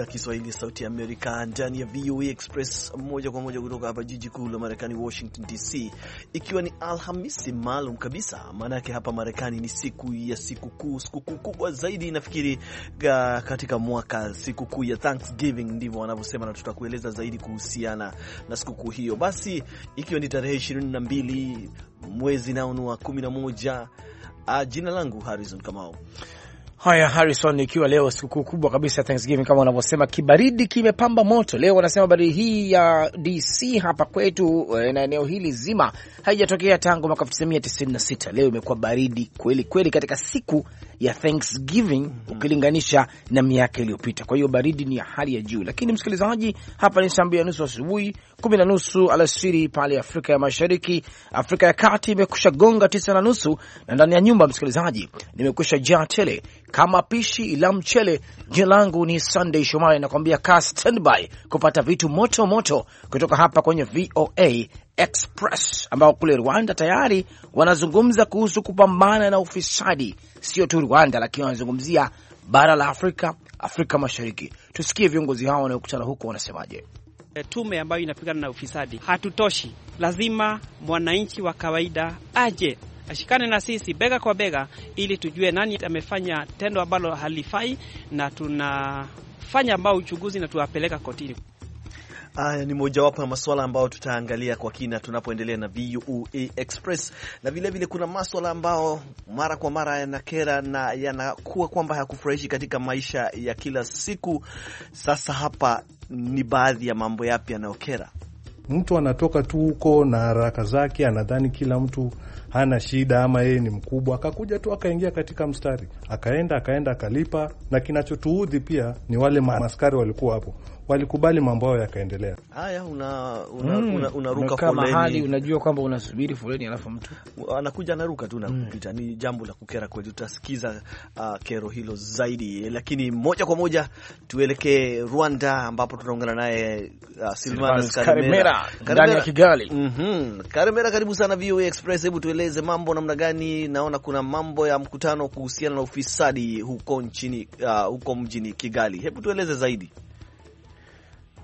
idhaa ya Kiswahili sauti ya Amerika ndani ya VOA Express moja kwa moja kutoka hapa jiji kuu la Marekani, Washington DC, ikiwa ni Alhamisi maalum kabisa. Maana yake hapa Marekani ni siku ya sikukuu, sikukuu kubwa zaidi nafikiri katika mwaka, sikukuu ya Thanksgiving ndivyo wanavyosema, na tutakueleza zaidi kuhusiana na sikukuu hiyo. Basi ikiwa ni tarehe 22 mwezi nao wa 11, ah, jina langu Harrison Kamau. Haya, Harrison, ikiwa leo sikukuu kubwa kabisa Thanksgiving, kama wanavyosema, kibaridi kimepamba moto leo. Wanasema baridi hii ya DC hapa kwetu eh, na eneo hili zima haijatokea tangu mwaka 1996. Leo imekuwa baridi kweli kweli katika siku ya Thanksgiving mm -hmm. ukilinganisha na miaka iliyopita. Kwa hiyo baridi ni ya hali ya juu, lakini msikilizaji, hapa ni saa mbili na nusu asubuhi, kumi na nusu alasiri pale Afrika ya Mashariki, Afrika ya Kati imekusha gonga tisa na nusu, na ndani ya nyumba msikilizaji, nimekusha jaa tele kama pishi la mchele. Jina langu ni Sunday Shomari, nakwambia ka standby kupata vitu moto moto kutoka hapa kwenye VOA Express, ambao kule Rwanda tayari wanazungumza kuhusu kupambana na ufisadi. Sio tu Rwanda, lakini wanazungumzia bara la Afrika, Afrika Mashariki. Tusikie viongozi hao wanaokutana huko wanasemaje. Eh, tume ambayo inapigana na ufisadi hatutoshi, lazima mwananchi wa kawaida aje ashikane na sisi bega kwa bega, ili tujue nani amefanya tendo ambalo halifai, na tunafanya ambao uchunguzi na tuwapeleka kotini. Haya ni mojawapo ya maswala ambayo tutaangalia kwa kina tunapoendelea na VOA e Express, na vilevile vile kuna maswala ambayo mara kwa mara yanakera na yanakuwa kwamba hayakufurahishi katika maisha ya kila siku. Sasa hapa ni baadhi ya mambo yapi yanayokera. Mtu anatoka tu huko na haraka zake, anadhani kila mtu hana shida ama yeye ni mkubwa, akakuja tu akaingia katika mstari, akaenda akaenda akalipa. Na kinachotuudhi pia ni wale maaskari walikuwa hapo walikubali mambo yao yakaendelea. Haya, unaruka una, mm, una, una hmm. foleni mahali, unajua kwamba unasubiri foleni, alafu mtu anakuja anaruka tu na hmm. kupita mm. Ni jambo la kukera kweli. Tutasikiza uh, kero hilo zaidi, lakini moja kwa moja tuelekee Rwanda ambapo tunaungana naye uh, Silvanus Karimera ndani ya Kigali. mm -hmm. Karimera, karibu sana VOA Express, hebu tuelekee tueleze mambo namna gani? Naona kuna mambo ya mkutano kuhusiana na ufisadi huko nchini, uh, huko mjini Kigali. Hebu tueleze zaidi.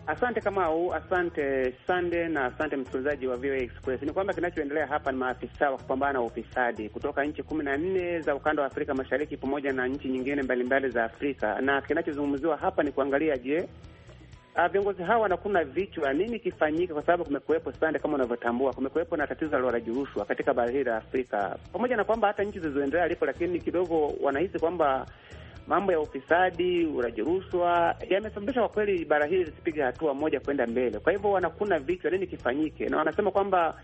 Asante Kamau, asante Sande na asante msikilizaji wa VOA Express. Ni kwamba kinachoendelea hapa ni maafisa wa kupambana na ufisadi kutoka nchi kumi na nne za ukanda wa Afrika Mashariki pamoja na nchi nyingine mbalimbali mbali za Afrika, na kinachozungumziwa hapa ni kuangalia, je, Ah, viongozi hawa wanakuna vichwa, nini kifanyike? Kwa sababu kumekuwepo sande, kama unavyotambua, kumekuwepo na tatizo la ulaji rushwa katika bara hili la Afrika, pamoja na kwamba hata nchi zilizoendelea lipo, lakini kidogo wanahisi kwamba mambo ya ufisadi, ulaji rushwa yamesababisha kwa kweli bara hili lisipige hatua moja kwenda mbele. Kwa hivyo wanakuna vichwa, nini kifanyike, na wanasema kwamba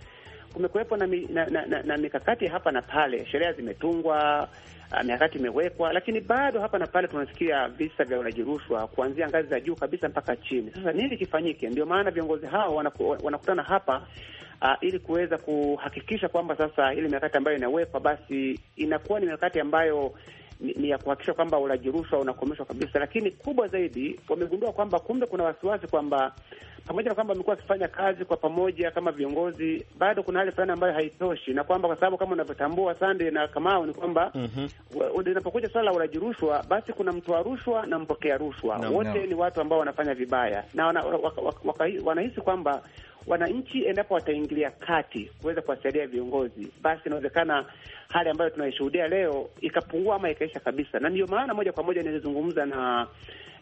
kumekuwepo na, mi, na, na, na, na mikakati hapa na pale, sheria zimetungwa Ah, mikakati imewekwa, lakini bado hapa na pale tunasikia visa vya ulaji rushwa kuanzia ngazi za juu kabisa mpaka chini. Sasa nini kifanyike? Ndio maana viongozi hao wanaku, wanakutana hapa Uh, ili kuweza kuhakikisha kwamba sasa ile mikakati ambayo inawekwa basi inakuwa ni mikakati ambayo ni, ya kuhakikisha kwamba ulaji rushwa unakomeshwa kabisa. Lakini kubwa zaidi, wamegundua kwamba kumbe kuna wasiwasi kwamba pamoja na kwamba wamekuwa wakifanya kazi kwa pamoja kama viongozi, bado kuna hali fulani ambayo haitoshi, na kwamba kwa sababu kama unavyotambua Sande na Kamau ni kwamba mhm. linapokuja mm -hmm. swala la ulaji rushwa, basi kuna mtoa rushwa na mpokea rushwa no, wote no. ni watu ambao wanafanya vibaya na wana, waka, waka, wanahisi kwamba wananchi endapo wataingilia kati kuweza kuwasaidia viongozi, basi inawezekana hali ambayo tunaishuhudia leo ikapungua ama ikaisha kabisa. Na ndiyo maana moja kwa moja nilizungumza na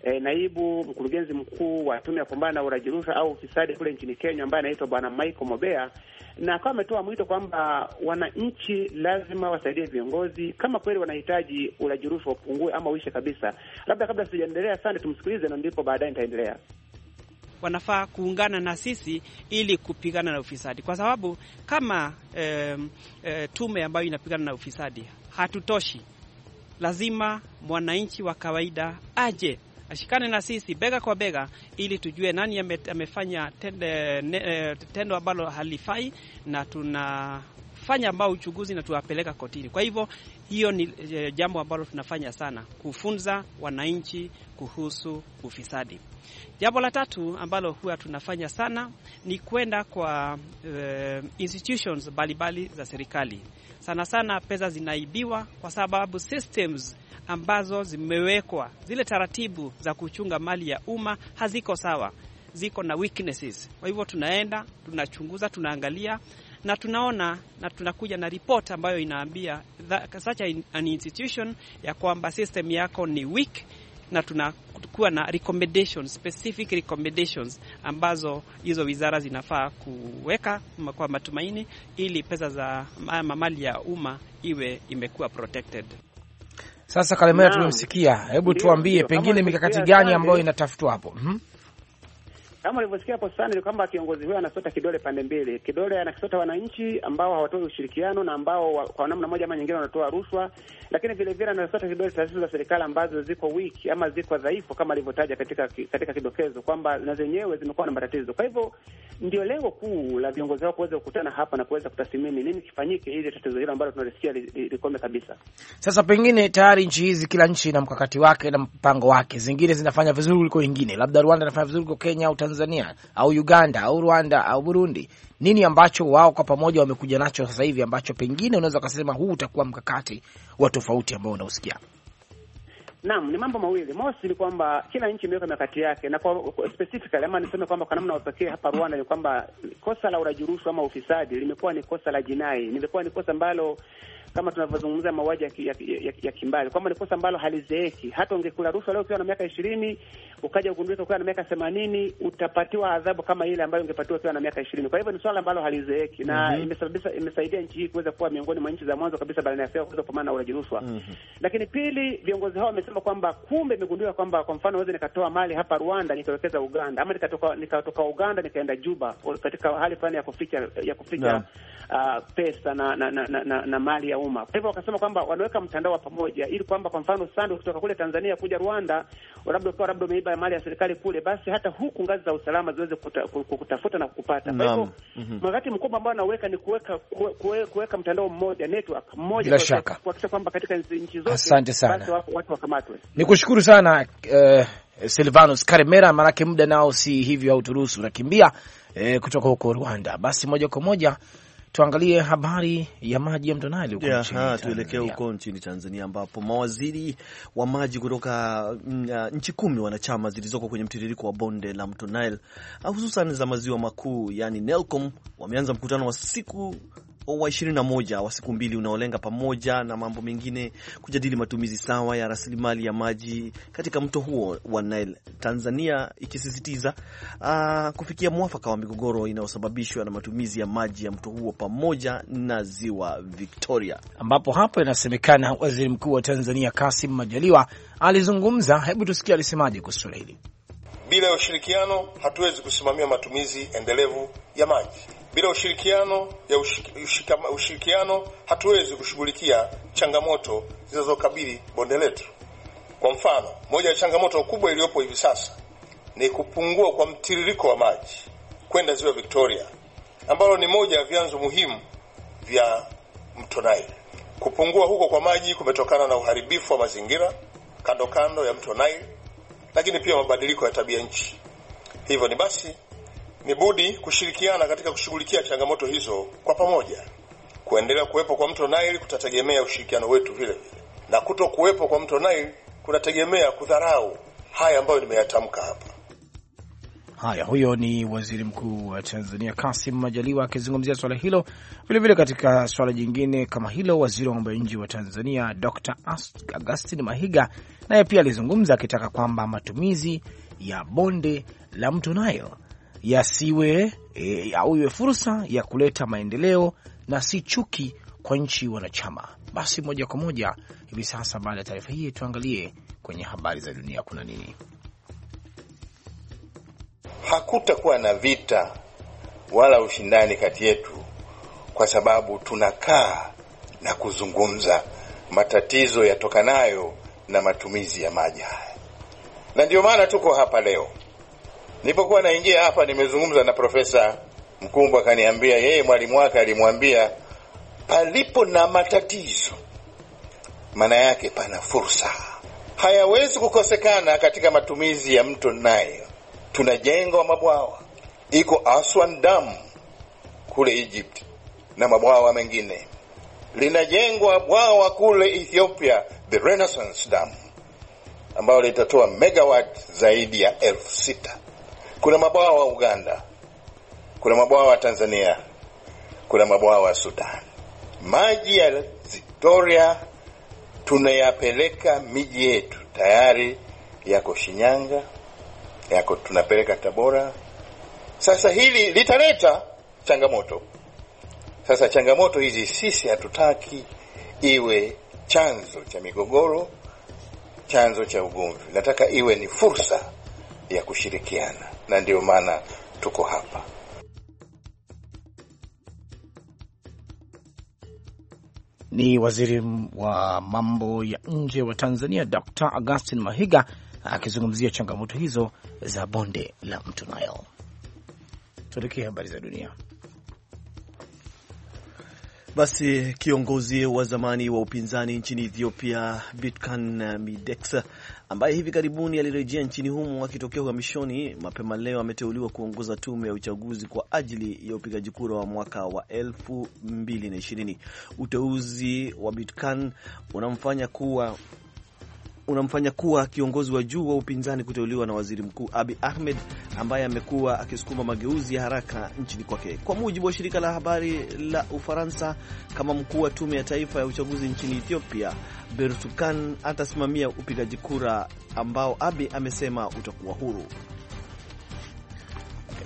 e, naibu mkurugenzi mkuu wa tume ya kupambana na urajirusha rushwa au ufisadi kule nchini Kenya ambaye anaitwa Bwana Michael Mobea, na akawa ametoa mwito kwamba wananchi lazima wasaidie viongozi kama kweli wanahitaji ulaji rushwa upungue ama uishe kabisa. Labda kabla sijaendelea sana, tumsikilize na ndipo baadaye nitaendelea wanafaa kuungana na sisi ili kupigana na ufisadi, kwa sababu kama e, e, tume ambayo inapigana na ufisadi hatutoshi, lazima mwananchi wa kawaida aje ashikane na sisi bega kwa bega, ili tujue nani amefanya eh, tendo ambalo halifai na tuna fanya ambao uchunguzi na tuwapeleka kotini. Kwa hivyo hiyo ni eh, jambo ambalo tunafanya sana kufunza wananchi kuhusu ufisadi. Jambo la tatu ambalo huwa tunafanya sana ni kwenda kwa uh, institutions mbalimbali za serikali. Sana sana pesa zinaibiwa kwa sababu systems ambazo zimewekwa, zile taratibu za kuchunga mali ya umma haziko sawa, ziko na weaknesses. Kwa hivyo tunaenda tunachunguza, tunaangalia na tunaona na tunakuja na report ambayo inaambia such an institution ya kwamba system yako ni weak, na tunakuwa na recommendations, specific recommendations ambazo hizo wizara zinafaa kuweka kwa matumaini ili pesa za mali ya umma iwe imekuwa protected. Sasa Kalemera, tumemsikia. Hebu tuambie pengine mikakati gani ambayo inatafutwa hapo? mm -hmm kama ulivyosikia hapo sana, ni kwamba kiongozi huyo anasota kidole pande mbili. Kidole anakisota wananchi ambao hawatoi ushirikiano na ambao wa, kwa namna moja ama nyingine wanatoa rushwa, lakini vile vile anasota kidole taasisi za serikali ambazo ziko wiki ama ziko dhaifu, kama alivyotaja katika katika kidokezo kwamba na zenyewe zimekuwa na matatizo. Kwa hivyo ndio lengo kuu la viongozi hao kuweza kukutana hapa na kuweza kutathmini nini kifanyike ili tatizo hilo ambalo tunalisikia likome kabisa. Sasa pengine tayari nchi hizi, kila nchi ina mkakati wake na mpango wake, zingine zinafanya vizuri kuliko nyingine, labda Rwanda inafanya vizuri kuliko Kenya au Tanzania au Uganda au Rwanda au Burundi? Nini ambacho wao kwa pamoja wamekuja nacho sasa hivi ambacho pengine unaweza ukasema huu utakuwa mkakati wa tofauti ambao unausikia? Naam, ni mambo mawili. Mosi ni kwamba kila nchi imeweka mikakati yake, na kwa specifically ama niseme kwamba kwa namna wapekee hapa Rwanda ni kwamba kosa la urajurushu rushwa ama ufisadi limekuwa ni kosa la jinai, limekuwa ni kosa ambalo kama tunavyozungumza mauaji ya, ya, ya, ya kimbali kwamba ni kosa ambalo halizeeki. Hata ungekula rushwa leo ukiwa na miaka ishirini ukaja ugundulika ukiwa na miaka themanini utapatiwa adhabu kama ile ambayo ungepatiwa ukiwa na miaka ishirini. Kwa hivyo ni swala ambalo halizeeki na mm -hmm. imesababisha imesaidia nchi hii kuweza kuwa miongoni mwa nchi za mwanzo kabisa barani Afrika kuweza kupambana na ulaji rushwa mm -hmm. Lakini pili, viongozi hao wamesema kwamba kumbe imegundulika kwamba kwa mfano naweza nikatoa mali hapa Rwanda nikawekeza Uganda ama nikatoka nikatoka Uganda nikaenda Juba katika hali fulani ya kuficha ya kuficha yeah uh, pesa na na, na, na, na, mali ya umma. Kwa hivyo wakasema kwamba wanaweka mtandao wa pamoja ili kwamba kwa mfano sando kutoka kule Tanzania kuja Rwanda, labda ukawa labda umeiba mali ya serikali kule, basi hata huku ngazi za usalama ziweze kuta, kutafuta na kupata. Kwa hivyo mkakati mhm. mkubwa ambao anaweka ni kuweka kuweka mtandao mmoja, network mmoja, moja, kuhakikisha kwamba katika nchi zote. Asante sana, basi watu wakamatwe. Nikushukuru sana uh... Silvanus Karemera, maanake muda nao si hivyo, hauturuhusu unakimbia eh, kutoka huko Rwanda. Basi moja kwa moja tuangalie habari ya maji ya mto Nile huko yeah, nchini. Tuelekee huko nchini Tanzania ambapo mawaziri wa maji kutoka mm, nchi kumi wanachama zilizoko kwenye mtiririko wa bonde la mto Nile hususan za maziwa makuu, yani NELCOM wameanza mkutano wa siku wa 21 wa siku mbili unaolenga pamoja na mambo mengine kujadili matumizi sawa ya rasilimali ya maji katika mto huo wa Nile, Tanzania ikisisitiza uh, kufikia mwafaka wa migogoro inayosababishwa na matumizi ya maji ya mto huo pamoja na ziwa Victoria, ambapo hapo inasemekana waziri mkuu wa Tanzania Kasim Majaliwa alizungumza. Hebu tusikia alisemaje kuhusu hili. Bila ya ushirikiano hatuwezi kusimamia matumizi endelevu ya maji. Bila ushirikiano ya ushirikiano hatuwezi kushughulikia changamoto zinazokabili bonde letu. Kwa mfano, moja ya changamoto kubwa iliyopo hivi sasa ni kupungua kwa mtiririko wa maji kwenda ziwa Victoria ambalo ni moja ya vyanzo muhimu vya mto Nile. Kupungua huko kwa maji kumetokana na uharibifu wa mazingira kando kando ya mto Nile, lakini pia mabadiliko ya tabia nchi. Hivyo ni basi ni budi kushirikiana katika kushughulikia changamoto hizo kwa pamoja. Kuendelea kuwepo kwa mto Nile kutategemea ushirikiano wetu vile vile, na kuto kuwepo kwa mto Nile kunategemea kudharau haya ambayo nimeyatamka hapa. Haya, huyo ni Waziri Mkuu wa Tanzania Kasim Majaliwa akizungumzia swala hilo. Vilevile katika swala jingine kama hilo, waziri wa mambo ya nje wa Tanzania Dr Augustin Mahiga naye pia alizungumza akitaka kwamba matumizi ya bonde la mto Nile yasiwe e, au iwe fursa ya kuleta maendeleo na si chuki kwa nchi wanachama. Basi moja kwa moja hivi sasa, baada ya taarifa hii, tuangalie kwenye habari za dunia kuna nini. Hakutakuwa na vita wala ushindani kati yetu, kwa sababu tunakaa na kuzungumza matatizo yatokanayo na matumizi ya maji haya, na ndio maana tuko hapa leo. Nilipokuwa naingia hapa, nimezungumza na Profesa Mkumbwa, akaniambia yeye mwalimu wake alimwambia palipo na matatizo, maana yake pana fursa. Hayawezi kukosekana katika matumizi ya mto Nile. Tunajengwa mabwawa, iko Aswan Dam kule Egypt na mabwawa mengine, linajengwa bwawa kule Ethiopia, the Renaissance Dam, ambayo litatoa megawat zaidi ya elfu sita. Kuna mabwawa Uganda, kuna mabwawa wa Tanzania, kuna mabwawa Sudan. Maji ya Victoria tunayapeleka miji yetu, tayari yako Shinyanga, yako tunapeleka Tabora. Sasa hili litaleta changamoto. Sasa changamoto hizi sisi hatutaki iwe chanzo cha migogoro, chanzo cha ugomvi. Nataka iwe ni fursa ya kushirikiana na ndio maana tuko hapa. Ni waziri wa mambo ya nje wa Tanzania Dr. Augustin Mahiga akizungumzia changamoto hizo za bonde la Mto Nile. Tuelekee habari za dunia. Basi kiongozi wa zamani wa upinzani nchini Ethiopia Bitkan Mideksa, ambaye hivi karibuni alirejea nchini humo akitokea uhamishoni, mapema leo ameteuliwa kuongoza tume ya uchaguzi kwa ajili ya upigaji kura wa mwaka wa 2020. Uteuzi wa Bitkan unamfanya kuwa unamfanya kuwa kiongozi wa juu wa upinzani kuteuliwa na waziri mkuu Abi Ahmed ambaye amekuwa akisukuma mageuzi ya haraka nchini kwake. Kwa mujibu wa shirika la habari la Ufaransa, kama mkuu wa tume ya taifa ya uchaguzi nchini Ethiopia, Bertukan atasimamia upigaji kura ambao Abi amesema utakuwa huru.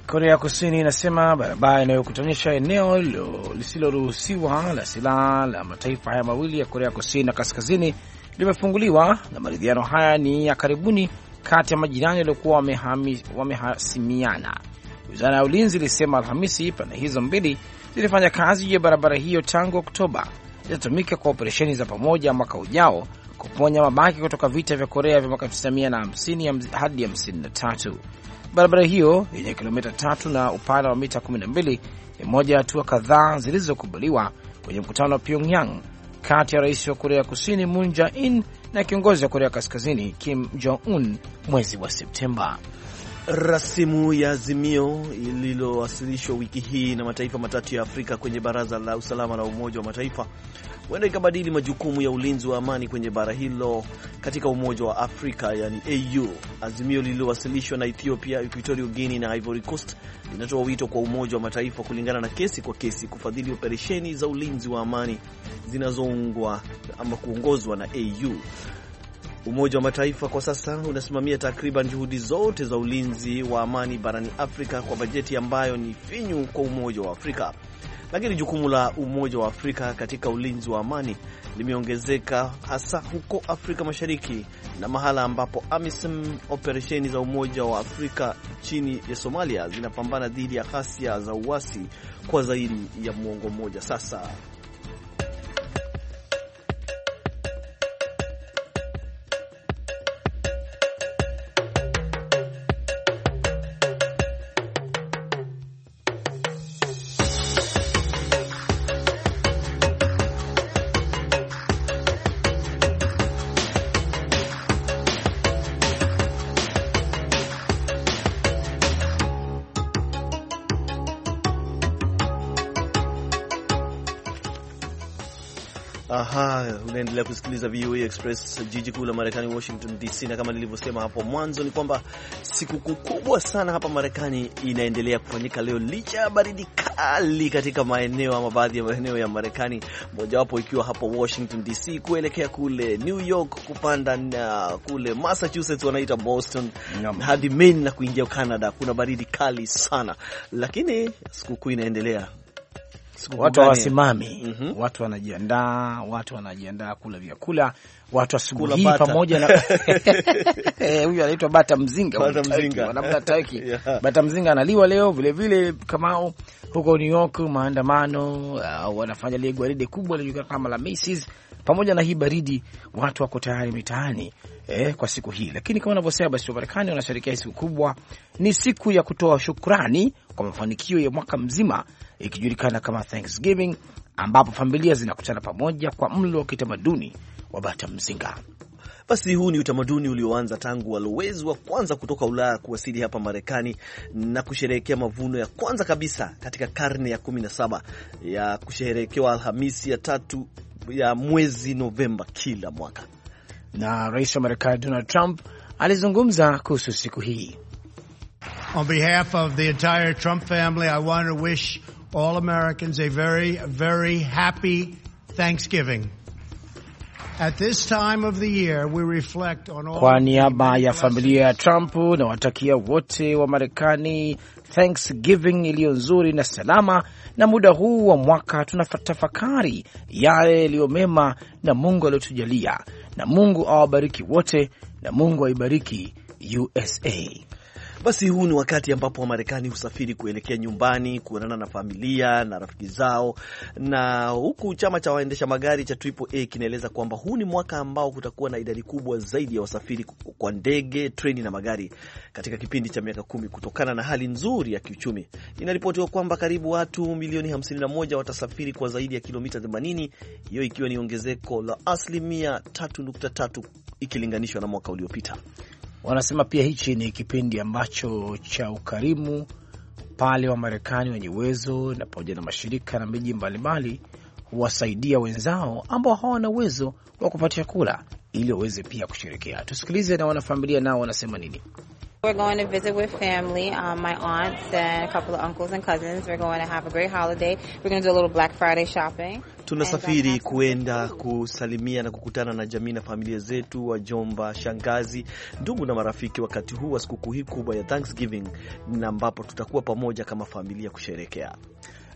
Korea ya Kusini inasema barabara inayokutanisha eneo lisiloruhusiwa la silaha la mataifa haya mawili ya Korea Kusini na Kaskazini limefunguliwa na maridhiano haya ni ya karibuni kati ya majirani waliokuwa wamehasimiana. Wizara ya ulinzi ilisema Alhamisi pande hizo mbili zilifanya kazi juu ya barabara hiyo tangu Oktoba. Zitatumika kwa operesheni za pamoja mwaka ujao kuponya mabaki kutoka vita vya Korea vya mwaka 1950 hadi 53. Barabara hiyo yenye kilomita tatu na upana wa mita 12 ni moja ya hatua kadhaa zilizokubaliwa kwenye mkutano wa Pyongyang kati ya rais wa Korea Kusini Moon Jae-in na kiongozi wa Korea Kaskazini Kim Jong Un mwezi wa Septemba. Rasimu ya azimio lililowasilishwa wiki hii na mataifa matatu ya Afrika kwenye Baraza la Usalama la Umoja wa Mataifa huenda ikabadili majukumu ya ulinzi wa amani kwenye bara hilo katika Umoja wa Afrika, yani AU. Azimio lililowasilishwa na Ethiopia, Equatorial Guinea na Ivory Coast linatoa wito kwa Umoja wa Mataifa kulingana na kesi kwa kesi kufadhili operesheni za ulinzi wa amani zinazoungwa ama kuongozwa na AU. Umoja wa Mataifa kwa sasa unasimamia takriban juhudi zote za ulinzi wa amani barani Afrika kwa bajeti ambayo ni finyu kwa Umoja wa Afrika, lakini jukumu la Umoja wa Afrika katika ulinzi wa amani limeongezeka hasa huko Afrika Mashariki na mahala ambapo AMISOM, operesheni za Umoja wa Afrika chini ya Somalia, zinapambana dhidi ya ghasia za uasi kwa zaidi ya mwongo mmoja sasa. Unaendelea kusikiliza VOA Express, jiji kuu la Marekani, Washington DC, na kama nilivyosema hapo mwanzo ni kwamba sikukuu kubwa sana hapa Marekani inaendelea kufanyika leo licha ya baridi kali katika maeneo ama baadhi ya maeneo ya Marekani, mojawapo ikiwa hapo Washington DC, kuelekea kule New York, kupanda na kule Massachusetts wanaita Boston hadi Maine na kuingia Canada. Kuna baridi kali sana, lakini sikukuu inaendelea watu hawasimami mm -hmm. Watu wanajiandaa, watu wanajiandaa kula vyakula, watu asubuhi pamoja na eh, huyu anaitwa bata mzinga, wanamla taiki yeah. Bata mzinga analiwa leo vile vile, kamao huko New York, maandamano uh, wanafanya lile gwaride kubwa lilijulikana kama la Macy's. Pamoja na hii baridi, watu wako tayari mitaani eh, kwa siku hii. Lakini kama unavyosema, basi Wamarekani wanasherehekea siku kubwa, ni siku ya kutoa shukrani kwa mafanikio ya mwaka mzima ikijulikana kama Thanksgiving, ambapo familia zinakutana pamoja kwa mlo wa kitamaduni wa bata mzinga. Basi huu ni utamaduni ulioanza tangu walowezi wa kwanza kutoka Ulaya kuwasili hapa Marekani na kusherehekea mavuno ya kwanza kabisa katika karne ya 17 ya kusherehekewa Alhamisi ya tatu ya mwezi Novemba kila mwaka. Na rais wa Marekani Donald Trump alizungumza kuhusu siku hii. On behalf of the entire Trump family, I want to wish all Americans a very, very happy Thanksgiving. At this time of the year, we reflect on all... Kwa niaba ya familia ya Trump na watakia wote wa Marekani Thanksgiving iliyo nzuri na salama, na muda huu wa mwaka tunatafakari yale yaliyo mema na Mungu aliyotujalia, na Mungu awabariki wote, na Mungu aibariki USA. Basi huu ni wakati ambapo Wamarekani husafiri kuelekea nyumbani kuonana na familia na rafiki zao, na huku chama cha waendesha magari cha AAA kinaeleza kwamba huu ni mwaka ambao kutakuwa na idadi kubwa zaidi ya wasafiri kwa ndege, treni na magari katika kipindi cha miaka kumi kutokana na hali nzuri ya kiuchumi. Inaripotiwa kwamba karibu watu milioni 51 watasafiri kwa zaidi ya kilomita 80, hiyo ikiwa ni ongezeko la asilimia 3.3 ikilinganishwa na mwaka uliopita. Wanasema pia hichi ni kipindi ambacho cha ukarimu pale wa marekani wenye uwezo na pamoja na mashirika na miji mbalimbali huwasaidia wenzao ambao hawana uwezo wa kupata chakula ili waweze pia kusherekea. Tusikilize na wanafamilia nao wanasema nini. We're going to visit with family, um, my aunts and a couple of uncles and cousins. We're going to have a great holiday. We're going to do a little Black Friday shopping. Tunasafiri uh, kuenda kusalimia na kukutana na jamii na familia zetu, wajomba, shangazi, ndugu na marafiki, wakati huu wa sikukuu hii kubwa ya Thanksgiving na ambapo tutakuwa pamoja kama familia kusherekea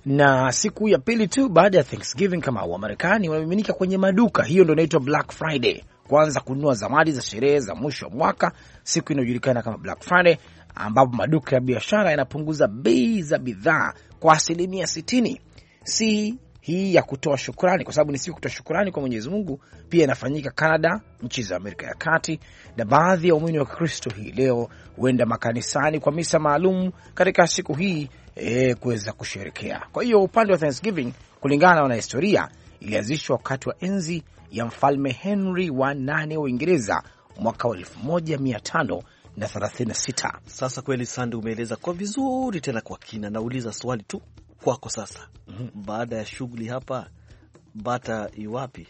na siku ya pili tu baada ya Thanksgiving kama Wamarekani wanamiminika kwenye maduka, hiyo ndo inaitwa Black Friday kuanza kununua zawadi za sherehe za mwisho wa mwaka, siku inayojulikana kama Black Friday, ambapo maduka ya biashara yanapunguza bei za bidhaa kwa asilimia sitini. Si hii ya kutoa shukrani, kwa sababu ni siku kutoa shukrani kwa Mwenyezi Mungu, pia inafanyika canada nchi za Amerika ya Kati, na baadhi ya waumini wa Kristo hii leo huenda makanisani kwa misa maalum katika siku hii e, kuweza kusherekea. Kwa hiyo upande wa Thanksgiving kulingana na wanahistoria, ilianzishwa wakati wa enzi ya mfalme Henry wa nane wa Uingereza mwaka wa 1500 na 36. Sasa kweli, Sande, umeeleza kwa vizuri tena kwa kina. Nauliza swali tu kwako sasa. mm -hmm. Baada ya shughuli hapa bata iwapi?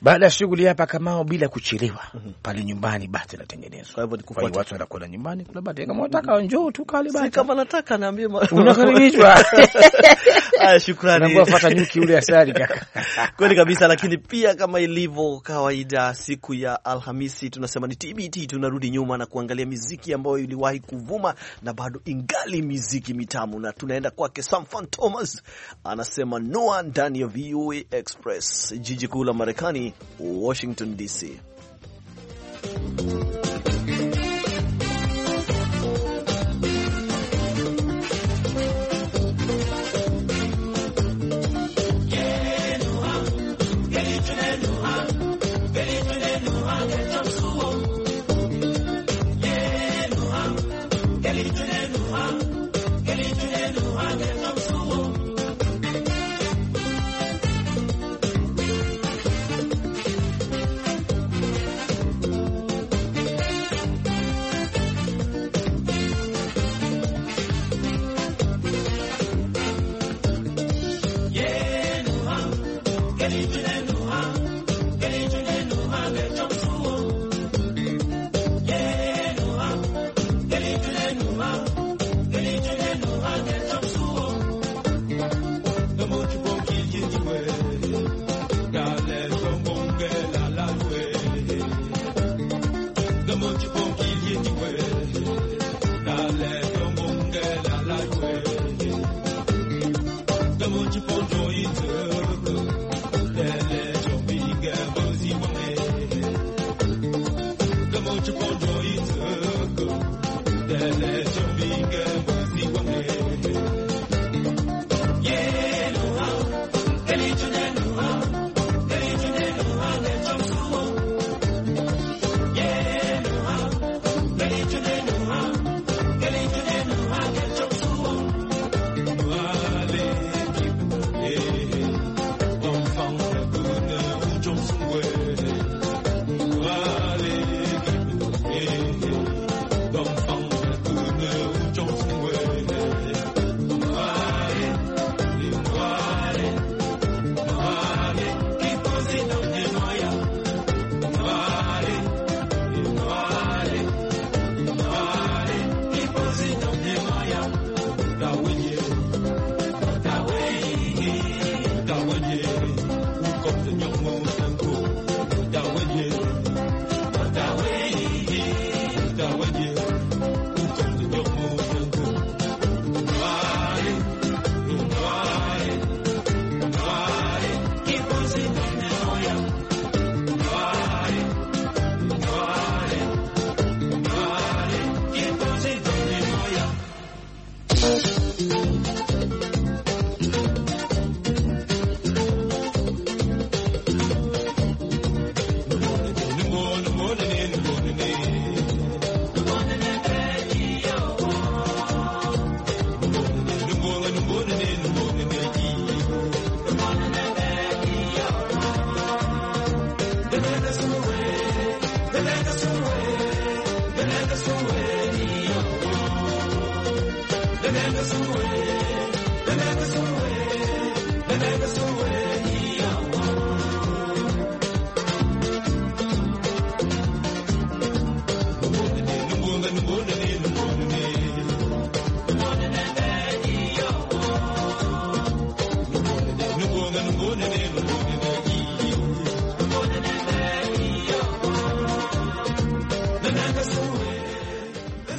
Baada ya shughuli hapa kamao, bila kuchelewa mm -hmm. pale nyumbani bata inatengenezwa. Kwa hivyo ni kufuata watu wanakula nyumbani, kula bata kama unataka njoo tu kali bata, si kama nataka naambie unakaribishwa Haya, shukrani. Nyuki ule asali kaka. Kweli kabisa, lakini pia kama ilivyo kawaida siku ya Alhamisi tunasema ni TBT, tunarudi nyuma na kuangalia miziki ambayo iliwahi kuvuma na bado ingali miziki mitamu, na tunaenda kwake Sam Thomas, anasema noa ndani ya VOA Express, jiji kuu la Marekani, Washington DC.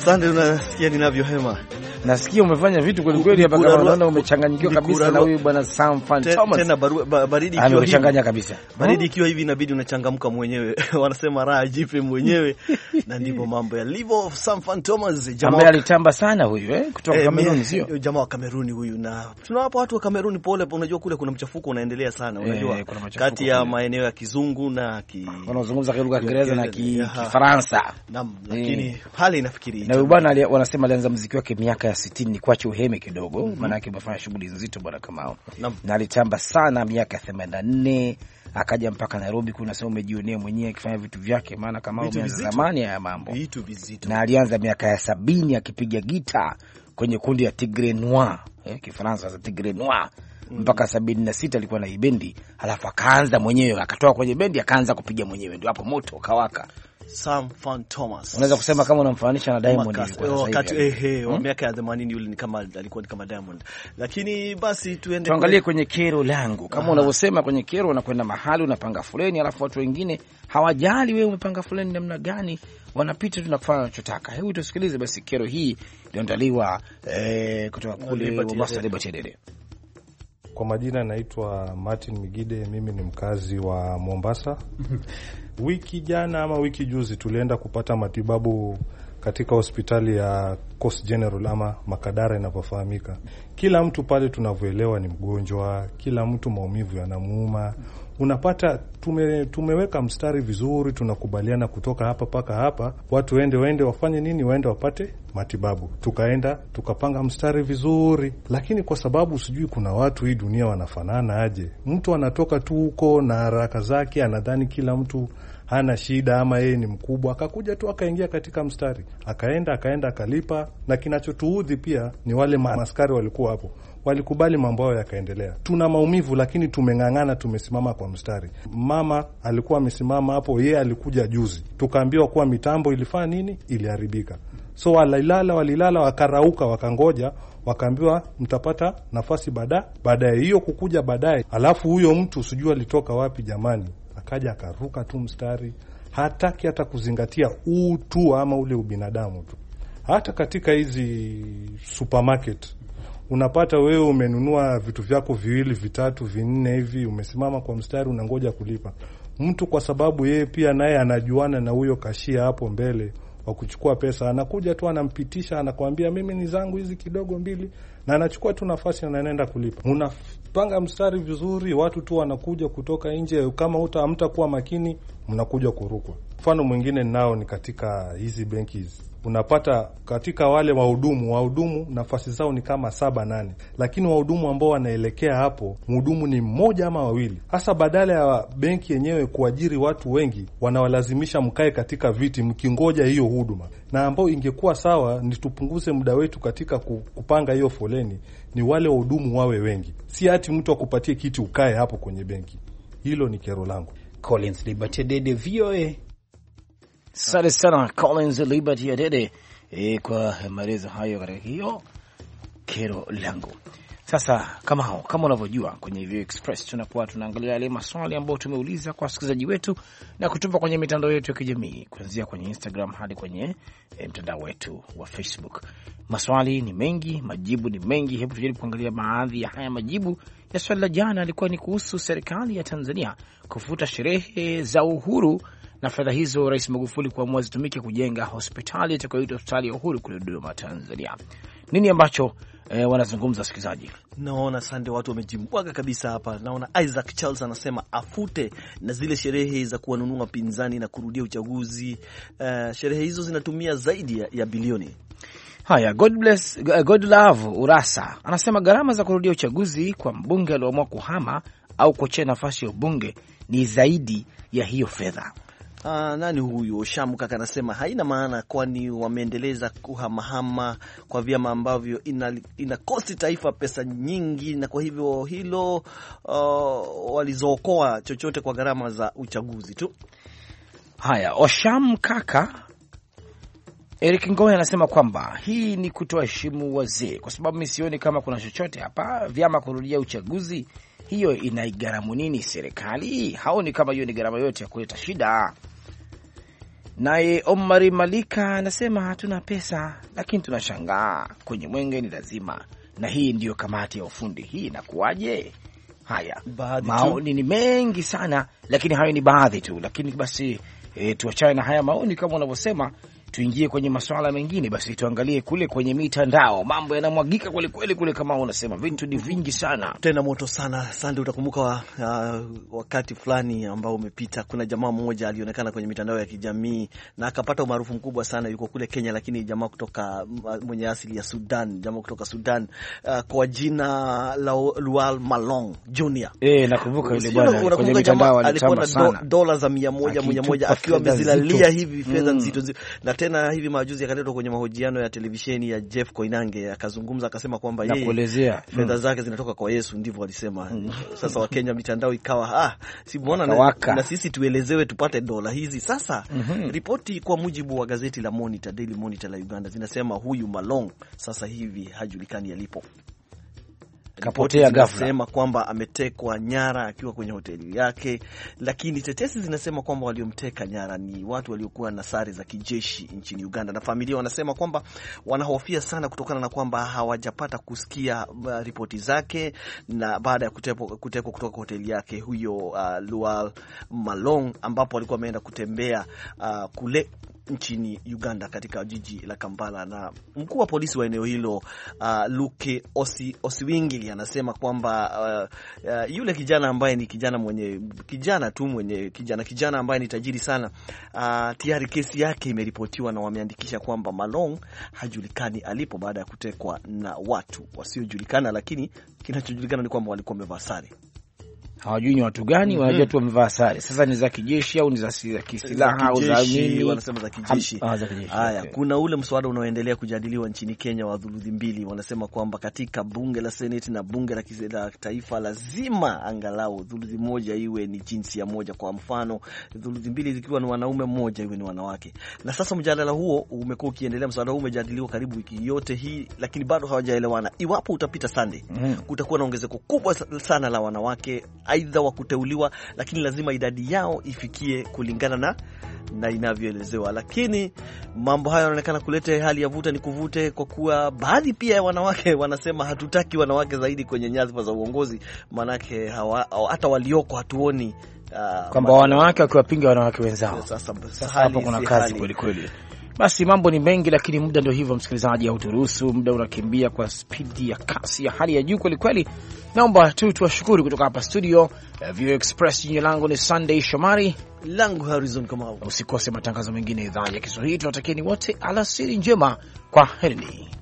Sande, unasikia ninavyohema nasikia umefanya vitu kweli kweli hapa, kama unaona umechanganyikiwa kabisa na huyu bwana Sam Fan Thomas. Tena baridi ikiwa hivi amechanganya kabisa, baridi ikiwa hivi inabidi unachangamka mwenyewe, wanasema raha jipe mwenyewe, na ndivyo mambo yalivyo. Sam Fan Thomas jamaa alitamba sana huyu eh, kutoka Kamerun, eh, sio jamaa wa Kamerun huyu, na tunawapa watu wa Kamerun pole. Unajua kule kuna mchafuko unaendelea sana, eh, unajua kati ya maeneo ya kizungu na ki wanaozungumza lugha ya Kiingereza na Kifaransa, naam, eh. lakini hali inafikiri na huyu bwana wanasema alianza muziki wake miaka ya sitini ni kuache uheme kidogo, mhm. maanake mm -hmm. umefanya shughuli nzito bwana Kamao no. na alitamba sana miaka ya themanini na nne akaja mpaka Nairobi. Kuna sema umejionea mwenyewe akifanya vitu vyake, maana kama umeanza zamani haya mambo, na alianza miaka ya sabini akipiga gita kwenye kundi ya Tigre Noir eh, Kifaransa za Tigre Noir Mm-hmm. mpaka sabini na sita alikuwa na hii bendi, halafu akaanza mwenyewe akatoka kwenye bendi akaanza kupiga mwenyewe, ndio hapo moto ukawaka. Sam Fan Thomas. Unaweza kusema kama unamfananisha na Diamond wakati ehe wa hmm? miaka ya 80 yule ni kama alikuwa ni kama Diamond. Lakini basi tuende tuangalie kwenye kero langu. Kama unavyosema kwenye kero unakwenda mahali unapanga fuleni alafu watu wengine hawajali wewe umepanga fuleni namna gani wanapita tu tunakufanya wanachotaka. Hebu tusikilize basi kero hii iliyoandaliwa eh, kutoka kule Liberty Dede. Kwa majina naitwa Martin Migide, mimi ni mkazi wa Mombasa. Wiki jana ama wiki juzi tulienda kupata matibabu katika hospitali ya Coast General ama Makadara inavyofahamika. Kila mtu pale tunavyoelewa ni mgonjwa, kila mtu maumivu yanamuuma unapata tume, tumeweka mstari vizuri, tunakubaliana kutoka hapa mpaka hapa, watu waende waende wafanye nini, waende wapate matibabu, tukaenda tukapanga mstari vizuri, lakini kwa sababu sijui kuna watu hii dunia wanafanana aje, mtu anatoka tu huko na haraka zake, anadhani kila mtu hana shida ama yeye ni mkubwa, akakuja tu akaingia katika mstari, akaenda akaenda akalipa. Na kinachotuudhi pia ni wale maaskari walikuwa hapo walikubali mambo yao yakaendelea. Tuna maumivu, lakini tumeng'ang'ana, tumesimama kwa mstari. Mama alikuwa amesimama hapo, yeye alikuja juzi, tukaambiwa kuwa mitambo ilifaa nini, iliharibika. So walilala, walilala, wakarauka, wakangoja, wakaambiwa mtapata nafasi baada baadaye. Hiyo kukuja baadaye, alafu huyo mtu sijui alitoka wapi jamani, akaja akaruka tu mstari, hataki hata kuzingatia utu ama ule ubinadamu tu hata katika hizi supermarket unapata wewe umenunua vitu vyako viwili vitatu vinne hivi, umesimama kwa mstari unangoja kulipa mtu, kwa sababu yeye pia naye anajuana na huyo kashia hapo mbele wa kuchukua pesa, anakuja tu anampitisha, anakwambia mimi ni zangu hizi kidogo mbili, na anachukua tu nafasi na anaenda kulipa. Mnapanga mstari vizuri, watu tu wanakuja kutoka nje. Kama hamtakuwa makini, mnakuja kurukwa. Mfano mwingine nao ni katika hizi benki unapata katika wale wahudumu wahudumu nafasi zao ni kama saba nane, lakini wahudumu ambao wanaelekea hapo, mhudumu ni mmoja ama wawili. Hasa badala ya benki yenyewe kuajiri watu wengi, wanawalazimisha mkae katika viti mkingoja hiyo huduma, na ambao ingekuwa sawa ni tupunguze muda wetu katika kupanga hiyo foleni, ni wale wahudumu wawe wengi, si hati mtu akupatie kiti ukae hapo kwenye benki. Hilo ni kero langu. Collins Liberty Dede, VOA Asante sana Collins Liberty Adede e, kwa maelezo hayo katika hiyo kero langu. Sasa kama hao, kama unavyojua kwenye View Express tunakuwa tunaangalia yale maswali ambayo tumeuliza kwa wasikilizaji wetu na kutupa kwenye mitandao yetu ya kijamii kuanzia kwenye Instagram hadi kwenye e, mtandao wetu wa Facebook. Maswali ni mengi, majibu ni mengi. Hebu tujaribu kuangalia baadhi ya haya majibu. Ya swali la jana alikuwa ni kuhusu serikali ya Tanzania kufuta sherehe za uhuru na fedha hizo Rais Magufuli kuamua zitumike kujenga hospitali itakayoitwa hospitali ya Uhuru kule Dodoma, Tanzania. Nini ambacho E, wanazungumza wasikilizaji. Naona sande, watu wamejimbwaga kabisa hapa. Naona Isaac Charles anasema afute na zile sherehe za kuwanunua wapinzani na kurudia uchaguzi. Uh, sherehe hizo zinatumia zaidi ya, ya bilioni. Haya, God bless, eh, God love Urasa anasema gharama za kurudia uchaguzi kwa mbunge alioamua kuhama au kuachia nafasi ya ubunge ni zaidi ya hiyo fedha. Aa, ah, nani huyu Shamkaka anasema haina maana, kwani wameendeleza kuhamahama kwa vyama ambavyo inakosti ina taifa pesa nyingi, na kwa hivyo hilo uh, walizookoa chochote kwa gharama za uchaguzi tu. Haya, Osham kaka Eric Ngoe anasema kwamba hii ni kutoa heshimu wazee, kwa sababu mi sioni kama kuna chochote hapa vyama kurudia uchaguzi hiyo inaigharamu nini serikali? Haoni kama hiyo ni gharama yote ya kuleta shida. Naye Omari Malika anasema hatuna pesa, lakini tunashangaa kwenye mwenge ni lazima. Na hii ndiyo kamati ya ufundi hii, inakuwaje? Haya, maoni ni mengi sana, lakini hayo ni baadhi tu. Lakini basi e, tuachane na haya maoni kama unavyosema tuingie kwenye masuala mengine, basi tuangalie kule kwenye mitandao. Mambo yanamwagika kweli kweli kule, kama unasema vitu ni vingi sana, tena moto sana. Sande, utakumbuka wa, uh, wakati fulani ambao umepita, kuna jamaa mmoja alionekana kwenye mitandao ya kijamii na akapata umaarufu mkubwa sana. Yuko kule Kenya, lakini jamaa kutoka mwenye asili ya Sudan, jamaa kutoka Sudan uh, kwa jina la Lual Malong Junior. Eh, nakumbuka yule bwana kwenye mitandao alikuwa na dola za 100 moja akiwa amezilalia hivi fedha mm. nzito nzito na tena hivi majuzi akaletwa kwenye mahojiano ya televisheni ya Jeff Koinange, akazungumza akasema kwamba yeye fedha hmm. zake zinatoka kwa Yesu, ndivyo alisema hmm. Sasa Wakenya mitandao ikawa ah, si mbona na, na sisi tuelezewe tupate dola hizi sasa. mm -hmm. Ripoti kwa mujibu wa gazeti la Monitor, Daily Monitor la Uganda zinasema huyu Malong sasa hivi hajulikani alipo kapotea ghafla. kwamba ametekwa nyara akiwa kwenye hoteli yake, lakini tetesi zinasema kwamba waliomteka nyara ni watu waliokuwa na sare za kijeshi nchini Uganda, na familia wanasema kwamba wanahofia sana kutokana na kwamba hawajapata kusikia uh, ripoti zake, na baada ya kutekwa kutoka hoteli yake huyo, uh, Lual Malong ambapo alikuwa ameenda kutembea uh, kule nchini Uganda, katika jiji la Kampala. Na mkuu wa polisi wa eneo hilo uh, Luke Osi, Osiwingi anasema kwamba uh, uh, yule kijana ambaye ni kijana mwenye kijana tu mwenye kijana kijana ambaye ni tajiri sana uh, tayari kesi yake imeripotiwa na wameandikisha kwamba Malong hajulikani alipo baada ya kutekwa na watu wasiojulikana, lakini kinachojulikana ni kwamba walikuwa wamevaa sare hawajui ni watu gani, mhm. wanajua tu wamevaa sare. Sasa ni za kijeshi au ni za kisilaha au za nini? Wanasema ah, za kijeshi. Haya, okay. kuna ule mswada unaoendelea kujadiliwa nchini Kenya wa dhuluthi mbili. Wanasema kwamba katika bunge la seneti na bunge la kisela, taifa lazima angalau dhuluthi moja iwe ni jinsi ya moja, kwa mfano dhuluthi mbili zikiwa ni wanaume, moja iwe ni wanawake. Na sasa mjadala huo umekuwa ukiendelea, mswada huo umejadiliwa karibu wiki yote hii, lakini bado hawajaelewana iwapo utapita. Sande, mm -hmm. kutakuwa na ongezeko kubwa sana la wanawake aidha wa kuteuliwa, lakini lazima idadi yao ifikie kulingana na na inavyoelezewa. Lakini mambo hayo yanaonekana kuleta hali ya vuta ni kuvute, kwa kuwa baadhi pia ya wanawake wanasema hatutaki wanawake zaidi kwenye nyadhifa za uongozi, maanake hata walioko hatuoni uh, kwamba wanawake wakiwapinga wanawake wenzao. Sasa hapo kuna kazi kweli kweli. Basi mambo ni mengi, lakini muda ndio hivyo, msikilizaji, hauturuhusu, muda unakimbia kwa spidi ya kasi ya hali ya juu kwelikweli. Naomba tu tuwashukuru kutoka hapa studio eh, View Express. Jina langu ni Sunday Shomari, langu Harrison Kamau. Usikose matangazo mengine ya idhaa ya Kiswahili. Tunatakieni wote alasiri njema, kwa heri.